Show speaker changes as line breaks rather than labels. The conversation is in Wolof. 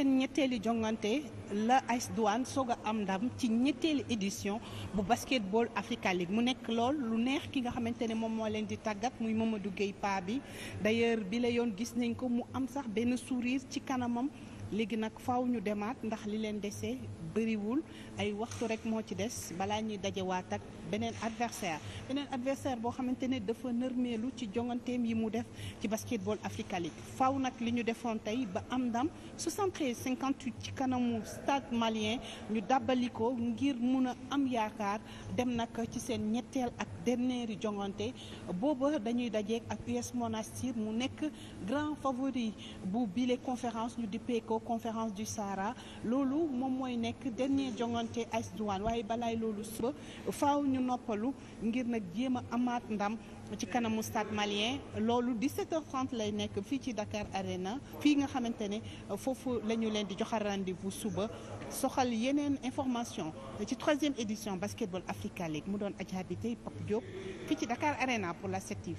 seen ñetteeli jongante la AS Douanes soog a am ndam ci ñetteeli édition bu basketball Africa League mu nekk lool lu neex ki nga xamante ne moom moo leen di tàggat muy Mamadou Gueye paa bi d'ailleurs bi la yoon gis nañ ko mu am sax benn sourire ci kanamam léegi nag faw ñu demaat ndax li leen desee bariwul ay waxtu rek moo ci des balaa ñuy dajewaat ak beneen adversaire beneen adversaire boo xamante ne dafa nërmeelu ci jonganteem yi mu def ci basketball Africa League faw nag li ñu defoon tey ba am ndam 73 58 ci kanamu stade malien ñu dàbbali ko ngir mun a am yaakaar dem nag ci seen ñetteel ak dernière jongante booba dañuy dajeek ak US Monastir mu nekk grand favori bu bile conférence ñu dippee ko conférence du Sahara loolu moom mooy nekk nekk dernier jongante AS Douanes waaye balaay loolu suba faw ñu noppalu ngir nag jéem a amaat ndam ci kanamu stade malien loolu 17h30 lay nekk fii ci Dakar Arena fii nga xamante ne foofu lañu leen di joxal rendez-vous suba soxal yeneen information ci troisième édition Basketball Africa League mu doon Adja Biteye Pape Diop fii ci Dakar Arena pour la 7